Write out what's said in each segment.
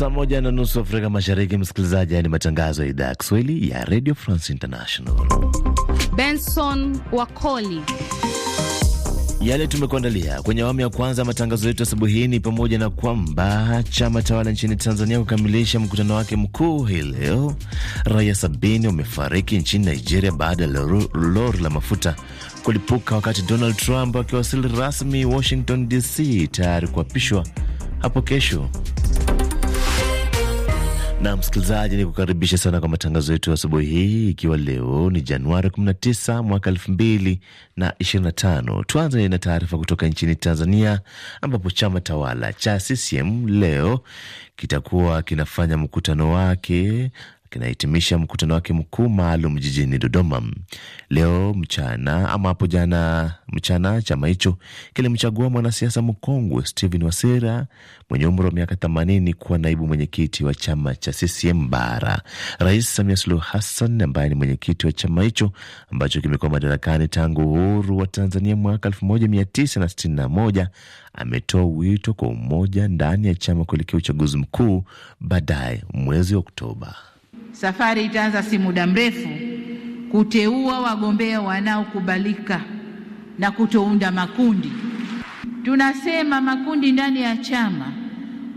Saa moja na nusu Afrika Mashariki, msikilizaji, ni matangazo ya idhaa ya Kiswahili ya Radio France International. Benson Wakoli yale tumekuandalia kwenye awamu ya kwanza ya matangazo yetu asubuhi hii ni pamoja na kwamba chama tawala nchini Tanzania kukamilisha mkutano wake mkuu hii leo. Raia sabini wamefariki nchini Nigeria baada ya lori la mafuta kulipuka, wakati Donald Trump akiwasili rasmi Washington DC tayari kuapishwa hapo kesho na msikilizaji, ni kukaribisha sana kwa matangazo yetu ya asubuhi hii, ikiwa leo ni Januari 19 mwaka 2025. Tuanze na taarifa kutoka nchini Tanzania, ambapo chama tawala cha CCM leo kitakuwa kinafanya mkutano wake kinahitimisha mkutano wake mkuu maalum jijini Dodoma leo mchana. Ama hapo jana mchana, chama hicho kilimchagua mwanasiasa mkongwe Stephen Wasira mwenye umri wa miaka 80 kuwa naibu mwenyekiti wa chama cha CCM Bara. Rais Samia Suluhu Hassan ambaye ni mwenyekiti wa chama hicho ambacho kimekuwa madarakani tangu uhuru wa Tanzania mwaka 1961 ametoa wito kwa umoja ndani ya chama kuelekea uchaguzi mkuu baadaye mwezi Oktoba safari itaanza si muda mrefu kuteua wagombea wanaokubalika na kutounda makundi. Tunasema makundi ndani ya chama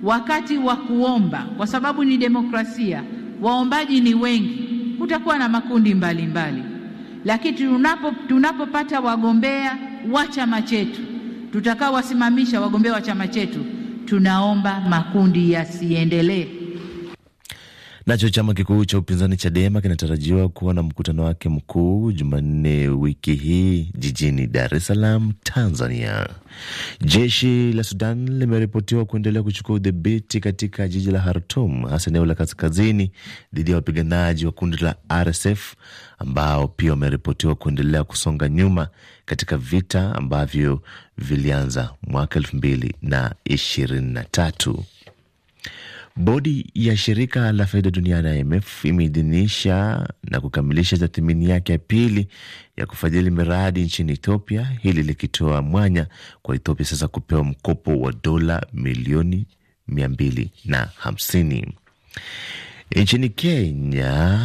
wakati wa kuomba, kwa sababu ni demokrasia, waombaji ni wengi, kutakuwa na makundi mbalimbali mbali. Lakini tunapo tunapopata wagombea wa chama chetu tutakaowasimamisha wagombea wa chama chetu, tunaomba makundi yasiendelee. Nacho chama kikuu cha upinzani Chadema kinatarajiwa kuwa na mkutano wake mkuu Jumanne wiki hii jijini Dar es Salaam, Tanzania. Jeshi la Sudan limeripotiwa kuendelea kuchukua udhibiti katika jiji la Khartoum, hasa eneo la kaskazini, dhidi ya wapiganaji wa kundi la RSF ambao pia wameripotiwa kuendelea kusonga nyuma katika vita ambavyo vilianza mwaka elfu mbili na ishirini na tatu. Bodi ya shirika la fedha duniani IMF imeidhinisha na kukamilisha tathmini yake ya pili ya kufadhili miradi nchini Ethiopia, hili likitoa mwanya kwa Ethiopia sasa kupewa mkopo wa dola milioni mia mbili na hamsini Nchini Kenya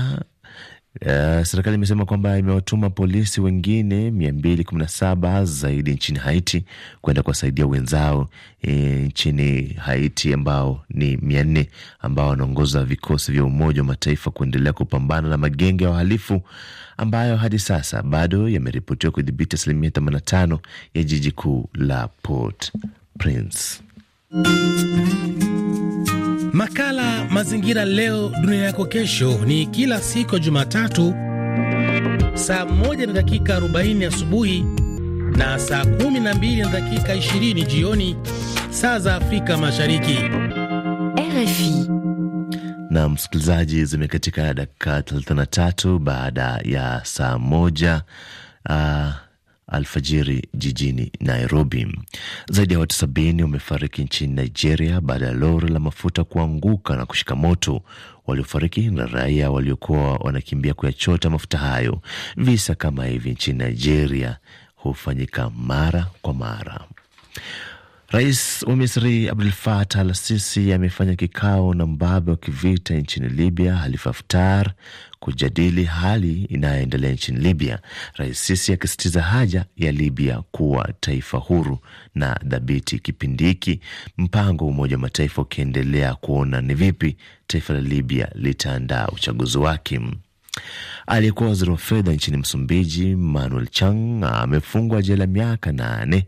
Uh, serikali imesema kwamba imewatuma polisi wengine 217 zaidi nchini Haiti kwenda kuwasaidia wenzao e, nchini Haiti ambao ni 400 ambao wanaongoza vikosi vya Umoja wa Mataifa kuendelea kupambana na magenge ya wahalifu ambayo hadi sasa bado yameripotiwa kudhibiti asilimia 85 ya jiji kuu la Port Prince. Makala Mazingira Leo Dunia Yako Kesho ni kila siku ya Jumatatu saa 1 na dakika 40 asubuhi na saa 12 na dakika 20 jioni saa za Afrika Mashariki. RFI na msikilizaji, zimekatika dakika 33 baada ya saa moja. Uh, alfajiri jijini Nairobi. Zaidi ya watu sabini wamefariki nchini Nigeria baada ya lori la mafuta kuanguka na kushika moto. Waliofariki na raia waliokuwa wanakimbia kuyachota mafuta hayo. Visa kama hivi nchini Nigeria hufanyika mara kwa mara. Rais wa Misri Abdul Fatah Al Sisi amefanya kikao na mbabe wa kivita nchini Libya Halifa Haftar kujadili hali inayoendelea nchini Libya, Rais Sisi akisisitiza haja ya Libya kuwa taifa huru na dhabiti kipindi hiki, mpango wa Umoja wa Mataifa ukiendelea kuona ni vipi taifa la Libya litaandaa uchaguzi wake. Aliyekuwa waziri wa fedha nchini Msumbiji Manuel Chang amefungwa jela miaka nane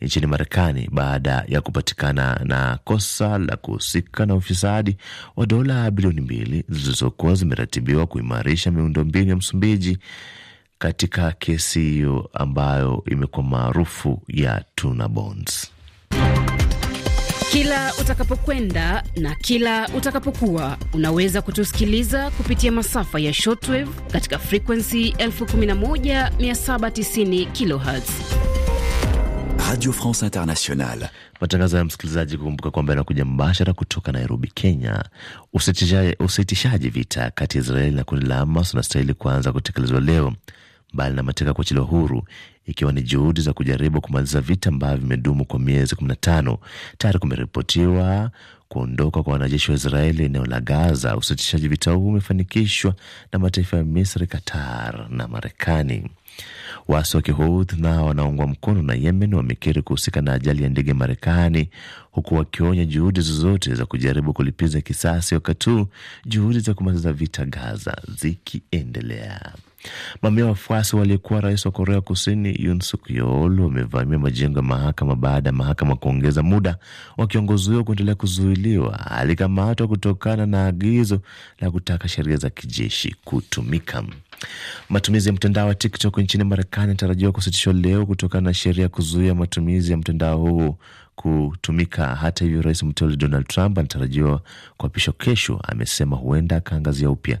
nchini Marekani baada ya kupatikana na kosa la kuhusika na ufisadi wa dola bilioni mbili zilizokuwa zimeratibiwa kuimarisha miundombinu ya Msumbiji katika kesi hiyo ambayo imekuwa maarufu ya Tuna Bonds. Kila utakapokwenda na kila utakapokuwa unaweza kutusikiliza kupitia masafa ya shortwave katika frekuensi 11790 kilohertz Radio France Internationale. Matangazo ya msikilizaji, kukumbuka kwamba yanakuja mbashara kutoka Nairobi, Kenya. Usitishaji vita kati ya Israeli na kundi la Hamas unastahili kuanza kutekelezwa leo, mbali na mateka kuachiliwa huru, ikiwa ni juhudi za kujaribu kumaliza vita ambavyo vimedumu kwa miezi 15. Tayari kumeripotiwa kuondoka kwa wanajeshi wa Israeli eneo la Gaza. Usitishaji vita huu umefanikishwa na mataifa ya Misri, Qatar na Marekani. Waasi wa Kihouthi nao wanaungwa mkono na Yemen wamekiri kuhusika na ajali ya ndege Marekani, huku wakionya juhudi zozote za kujaribu kulipiza kisasi, wakati huu juhudi za kumaliza vita Gaza zikiendelea. Mamia wafuasi waliyekuwa rais wa Korea Kusini Yoon Suk Yeol wamevamia majengo ya mahakama baada ya mahakama kuongeza muda wa kiongozi huyo kuendelea kuzuiliwa. Alikamatwa kutokana na agizo la kutaka sheria za kijeshi kutumika. Matumizi ya mtandao wa TikTok nchini Marekani yanatarajiwa kusitishwa leo kutokana na sheria ya kuzuia matumizi ya mtandao huu kutumika. Hata hivyo, rais mteule Donald Trump anatarajiwa kuapishwa kesho, amesema huenda akaangazia upya